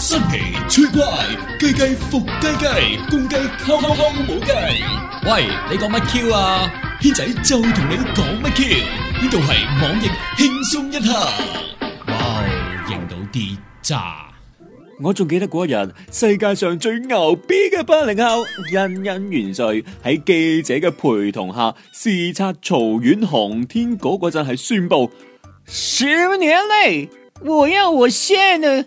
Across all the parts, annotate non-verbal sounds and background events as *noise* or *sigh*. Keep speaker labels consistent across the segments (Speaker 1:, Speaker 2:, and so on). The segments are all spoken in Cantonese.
Speaker 1: 新奇出怪，雞雞伏雞雞，公雞敲敲敲冇雞。喂，你講乜 Q 啊？軒仔就同你講乜 Q？呢度係網易輕鬆一刻。哇哦，認到啲渣。我仲記得嗰日世界上最牛逼嘅八零後，恩恩元帥喺記者嘅陪同下視察曹縣航天嗰個陣係宣布，十年內我要我先啊！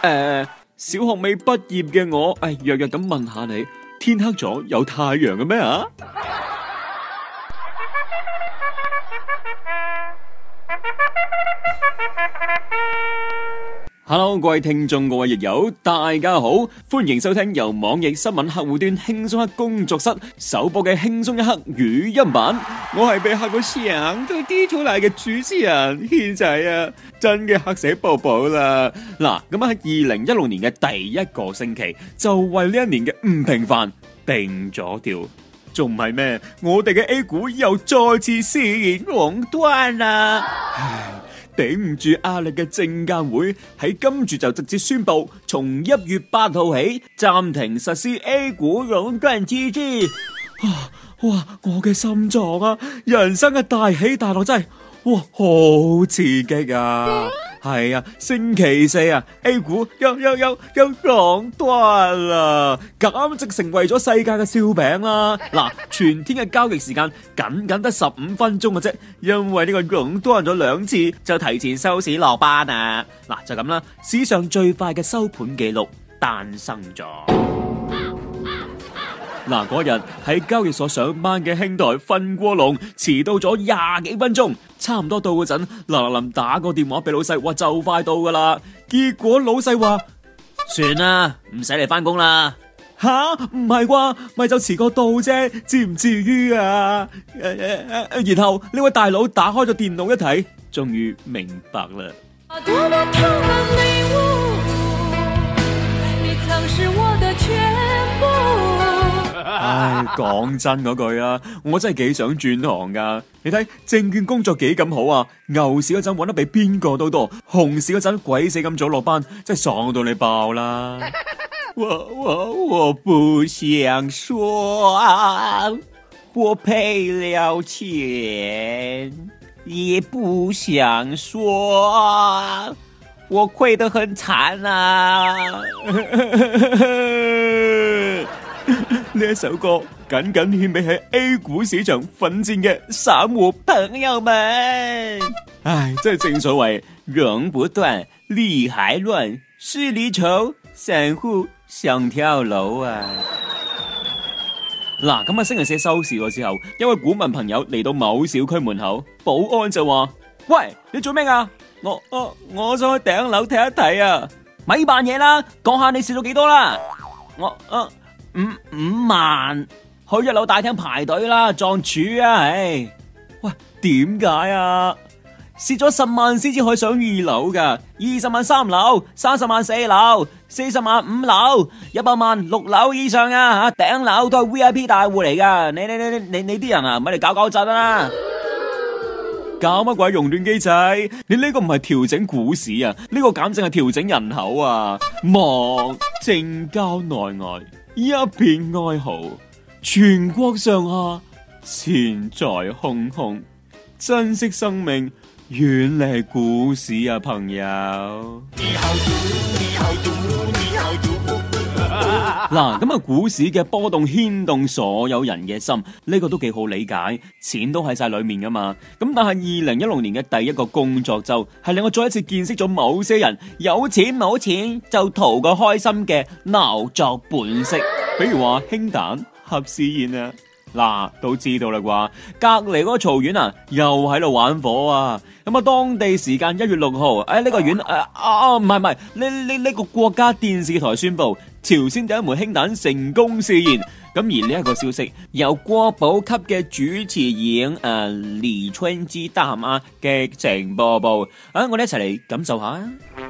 Speaker 1: 誒，uh, 小學未畢業嘅我，唉、哎，弱弱噉問下你，天黑咗有太陽嘅咩啊？hello，各位聽眾，各位易友，大家好，歡迎收聽由網易新聞客戶端輕鬆一刻工作室首播嘅輕鬆一刻語音版。我係被嚇到成到 D 組瀨嘅主持人軒仔啊，真嘅嚇死寶寶啦！嗱、啊，咁喺二零一六年嘅第一個星期就為呢一年嘅唔平凡定咗調，仲唔係咩？我哋嘅 A 股又再次上演熔斷啦！唉。頂唔住壓力嘅證監會喺今住就直接宣布，從一月八號起暫停實施 A 股熔斷機制。啊，哇！我嘅心臟啊，人生嘅大起大落真係，哇，好刺激啊！係啊，星期四啊，A 股又又又又熔斷啦，簡直成為咗世界嘅笑柄啦！嗱，全天嘅交易時間僅僅得十五分鐘嘅啫，因為呢個熔斷咗兩次，就提前收市落班啊！嗱，就咁啦，史上最快嘅收盤記錄誕生咗。嗱，嗰日喺交易所上班嘅兄台瞓過籠，遲到咗廿幾分鐘。差唔多到嗰陣，嗱嗱臨打個電話俾老細，話就快到噶啦。結果老細話：算啦，唔使你翻工啦。吓、啊，唔係啩？咪就遲個到啫，至唔至於啊？然後呢位大佬打開咗電腦一睇，終於明白喇。 *noise* 唉，講真嗰句啊，我真係幾想轉行噶。你睇證券工作幾咁好啊？牛市嗰陣搵得比邊個都多，熊市嗰陣鬼死咁早落班，真係爽到你爆啦！ *laughs* 我我我不想說，啊，我賠了錢，也不想說，啊，我虧得很慘啊！ *laughs* *laughs* 呢一首歌僅僅獻俾喺 A 股市場奮戰嘅散戶朋友們。唉，真係正所謂剪不斷，理還亂，是離愁，散戶想跳樓啊！嗱，今日星期四收市嘅時候，一位股民朋友嚟到某小區門口，保安就話：喂，你做咩啊？我，我我想去頂樓睇一睇啊！咪扮嘢啦，講下你蝕咗幾多啦？我，嗯。五五萬去一樓大廳排隊啦，撞柱啊！喂，點解啊？蝕咗十萬先至可以上二樓噶，二十萬三樓，三十萬四樓，四十萬五樓，一百萬六樓以上啊！啊，頂樓都係 V I P 大戶嚟噶，你你你你你啲人啊，咪嚟搞搞震啊！搞乜鬼熔斷機制？你呢個唔係調整股市啊，呢、這個簡正係調整人口啊！望政交內外。一片哀嚎，全國上下錢財空空，珍惜生命，遠離股市啊，朋友。嗱，咁啊，股市嘅波動牽動所有人嘅心，呢、這個都幾好理解，錢都喺晒裏面噶嘛。咁但係二零一六年嘅第一個工作周，係令我再一次見識咗某些人有錢冇錢就圖個開心嘅鬧作本色，比如話氫彈核試驗啊。嗱、啊，都知道啦啩，隔籬嗰個朝鮮啊，又喺度玩火啊！咁啊，當地時間一月六號，喺、哎、呢、這個縣，啊啊唔係唔係，呢呢呢個國家電視台宣布，朝鮮第一枚氫彈成功試驗。咁、啊、而呢一個消息，由國寶級嘅主持人，誒、啊、李春之得閒啊，激情播報，報。啊，我哋一齊嚟感受下。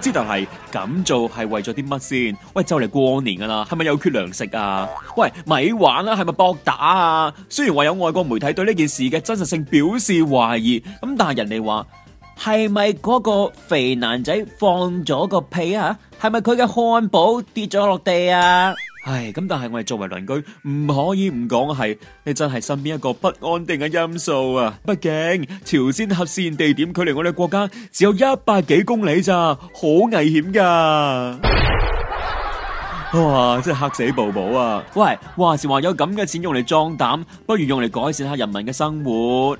Speaker 1: 知道係咁做係為咗啲乜先？喂，就嚟過年噶啦，係咪有缺糧食啊？喂，咪玩啦，啊，係咪搏打啊？雖然話有外國媒體對呢件事嘅真實性表示懷疑，咁但係人哋話係咪嗰個肥男仔放咗個屁啊？係咪佢嘅漢堡跌咗落地啊？唉，咁但係我哋作為鄰居唔可以唔講，係你真係身邊一個不安定嘅因素啊！畢竟朝鮮核試地點距離我哋國家只有一百幾公里咋，好危險噶！ *laughs* 哇，真係吓死寶寶啊！喂，話是話有咁嘅錢用嚟壯膽，不如用嚟改善下人民嘅生活。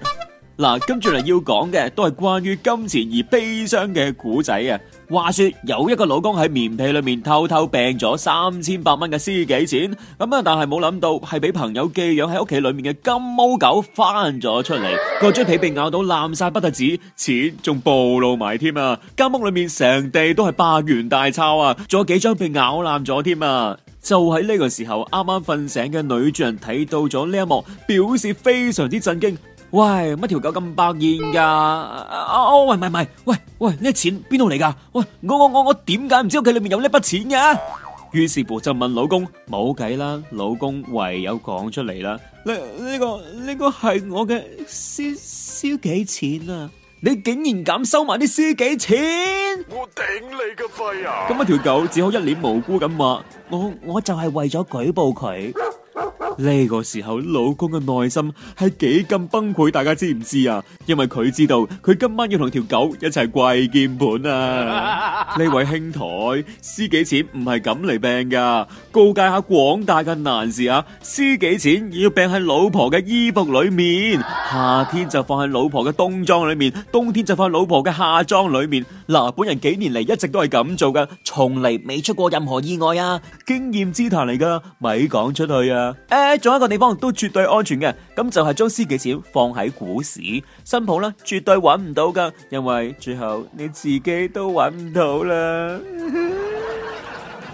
Speaker 1: 嗱，跟住嚟，要講嘅都係關於金錢而悲傷嘅古仔啊！話說有一個老公喺棉被裏面偷偷病咗三千八蚊嘅私己錢，咁、嗯、啊，但係冇諗到係俾朋友寄養喺屋企裏面嘅金毛狗翻咗出嚟，個張被被咬到爛晒不得止，錢仲暴露埋添啊！間屋裏面成地都係百元大鈔啊，仲有幾張被咬爛咗添啊！就喺呢個時候啱啱瞓醒嘅女主人睇到咗呢一幕，表示非常之震驚。喂，乜條狗咁百厭噶？啊，喂，唔係，喂，喂，呢錢邊度嚟噶？喂，我我我我點解唔知屋企裏面有呢筆錢嘅？於是乎就問老公，冇計啦，老公唯有講出嚟啦。呢呢個呢個係我嘅私私己錢啊！你竟然敢收埋啲私己錢？我
Speaker 2: 頂你個肺
Speaker 1: 啊！咁啊，乜條狗只好一臉無辜咁話：我我就係為咗舉報佢。呢個時候，老公嘅內心係幾咁崩潰，大家知唔知啊？因為佢知道佢今晚要同條狗一齊跪鍵盤啊！呢 *laughs* 位兄台，私己錢唔係咁嚟病噶，告誡下廣大嘅男士啊！私己錢要病喺老婆嘅衣服裏面，夏天就放喺老婆嘅冬裝裏面，冬天就放喺老婆嘅夏裝裏面。嗱、呃，本人幾年嚟一直都係咁做噶，從嚟未出過任何意外啊！ *laughs* 經驗之談嚟噶，咪講出去啊！仲有一個地方都絕對安全嘅，咁就係將私己錢放喺股市，新抱咧，絕對揾唔到噶因為最後你自己都揾唔到啦。 *laughs*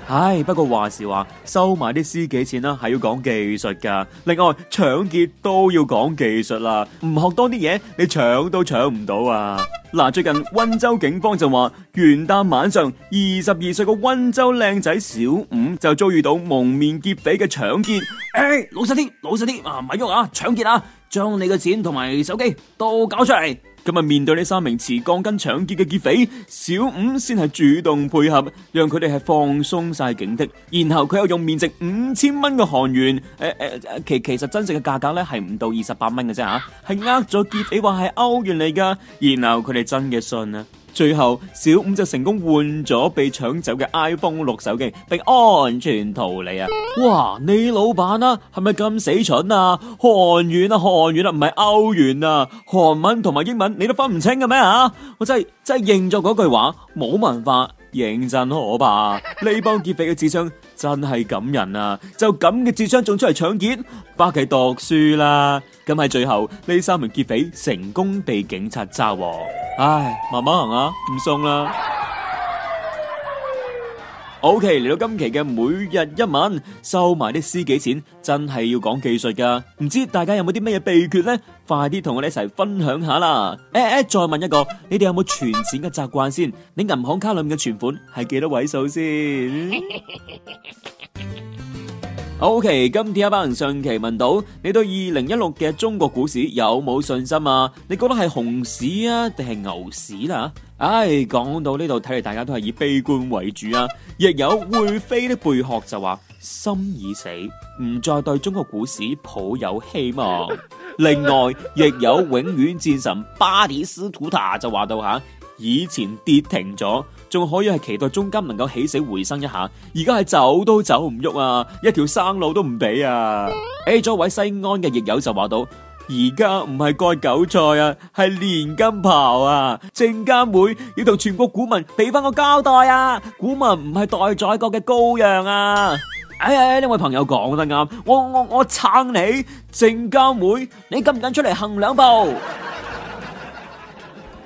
Speaker 1: 唉，不過話時話，收埋啲私己錢啦，係要講技術㗎。另外搶劫都要講技術啦，唔學多啲嘢，你搶都搶唔到啊！嗱，最近溫州警方就話，元旦晚上，二十二歲個溫州靚仔小五就遭遇到蒙面劫匪嘅搶劫。誒、欸，老實啲，老實啲啊！咪喐啊，搶劫啊！將你嘅錢同埋手機都搞出嚟。咁啊，面對呢三名持鋼棍搶劫嘅劫匪，小五先係主動配合，讓佢哋係放鬆晒警惕。然後佢又用面值五千蚊嘅韓元，誒、呃、誒、呃，其其實真正嘅價格咧係唔到二十八蚊嘅啫吓，係呃咗劫匪話係歐元嚟噶，然後佢哋真嘅信啦。最後，小五就成功換咗被搶走嘅 iPhone 六手機，並安全逃離啊！哇，你老闆啊，係咪咁死蠢啊？韓元啊，韓元啦，唔係歐元啊，韓文同埋英文你都分唔清嘅咩啊？我真係真係應咗嗰句話，冇文化，認真可怕。呢幫劫匪嘅智商。真係感人啊！就咁嘅智商仲出嚟搶劫，百祈讀書啦！咁喺最後呢，三名劫匪成功被警察抓獲。唉，慢慢行啊，唔送啦。好，嚟、okay，到今期嘅每日一問，收埋啲私己錢真係要講技術噶，唔知大家有冇啲乜嘢秘訣呢？快啲同我哋一齊分享下啦！誒、欸、誒、欸，再問一個，你哋有冇存錢嘅習慣先？你銀行卡裏面嘅存款係幾多位數先？ *laughs* Ok，今天一班人上期問到你對二零一六嘅中國股市，有冇信心啊？你覺得係熊市啊，定係牛市啦、啊？唉、哎，講到呢度，睇嚟大家都係以悲觀為主啊。亦有會飛的貝殼就話心已死，唔再對中國股市抱有希望。另外，亦有永遠戰神巴迪斯圖塔就話到吓，以前跌停咗。仲可以係期待中間能夠起死回生一下，而家係走都走唔喐啊，一條生路都唔俾啊！哎，咗位西安嘅亦友就話到，而家唔係割韭菜啊，係連根刨啊！證監會要同全國股民俾翻個交代啊！股民唔係待宰國嘅羔羊啊！哎，呢位朋友講得啱，我我我撐你，證監會，你敢唔敢出嚟行兩步？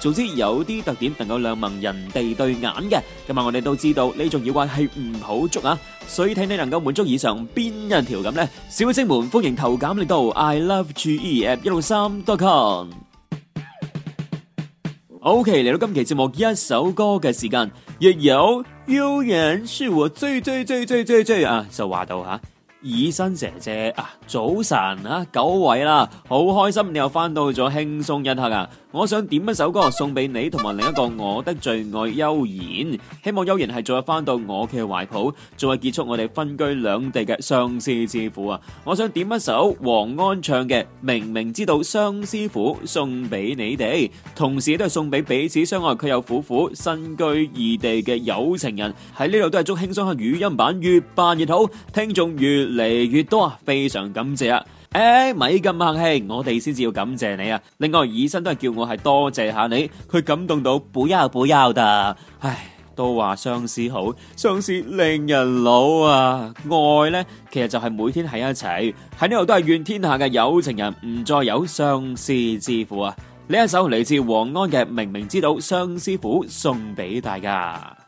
Speaker 1: 總之有啲特點能夠亮盲人哋對眼嘅，咁啊我哋都知道呢種妖怪係唔好捉啊，所以睇你能夠滿足以上邊一條咁咧，小星們歡迎投簡歷到，I Love G E App 一六三 dot com。OK，嚟到今期節目一首歌嘅時間，亦有有人是我追追追追追追啊，就話到吓以琛姐姐啊，早晨啊，久違啦，好開心你又翻到咗輕鬆一刻啊！我想點一首歌送俾你同埋另一個我的最愛悠然，希望悠然係再翻到我嘅懷抱，再結束我哋分居兩地嘅相思之苦啊！我想點一首黃安唱嘅《明明知道相思苦》師傅送俾你哋，同時都係送俾彼此相愛卻又苦苦身居異地嘅有情人，喺呢度都係祝輕鬆嘅語音版，越辦越好，聽眾越嚟越多啊！非常感謝啊！誒，咪咁、欸、客氣，我哋先至要感謝你啊。另外，醫生都係叫我係多謝下你，佢感動到不要不要的。唉，都話相思好，相思令人老啊。愛呢，其實就係每天喺一齊喺呢度都係願天下嘅有情人唔再有相思之苦啊。呢一首嚟自黃安嘅《明明知道相思苦》，送俾大家。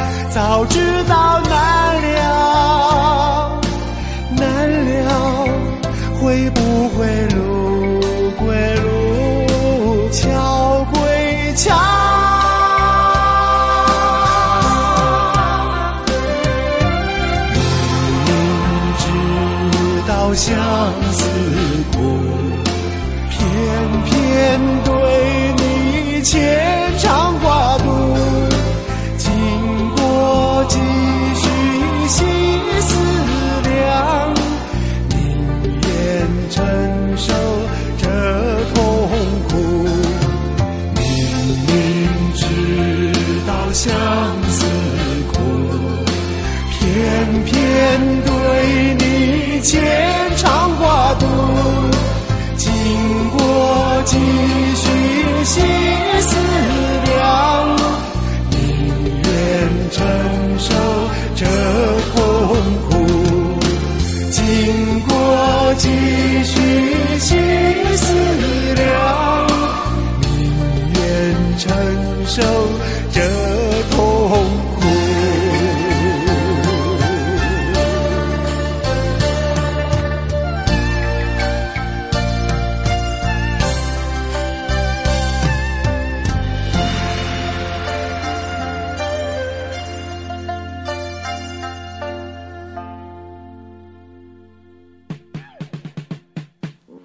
Speaker 2: 早知道難了。牽腸掛肚，經過幾許心。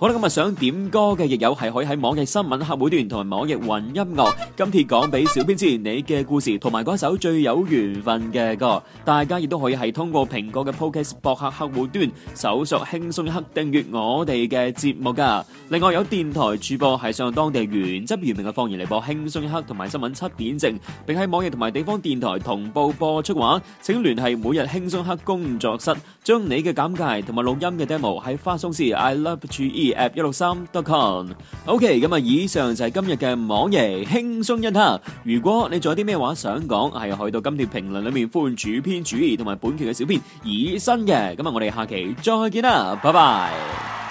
Speaker 1: 我哋今日想點歌嘅益友係可以喺網易新聞客戶端同埋網易雲音樂。今次講俾小編知你嘅故事同埋嗰一首最有緣分嘅歌，大家亦都可以係通過蘋果嘅 Podcast 博客客戶端搜索輕鬆一刻訂閱我哋嘅節目噶。另外有電台主播係上當地原汁原味嘅方言嚟播輕鬆一刻同埋新聞七點正，並喺網易同埋地方電台同步播出嘅話，請聯繫每日輕鬆一刻工作室，將你嘅簡介同埋錄音嘅 demo 喺發鬆詩 I Love G E App 一六三 dot com。OK，咁啊，以上就係今日嘅網易輕鬆一刻。如果你仲有啲咩話想講，係去到今條評論裏面歡迎主編主義同埋本期嘅小編以身嘅，咁啊，我哋下期再見啦，拜拜。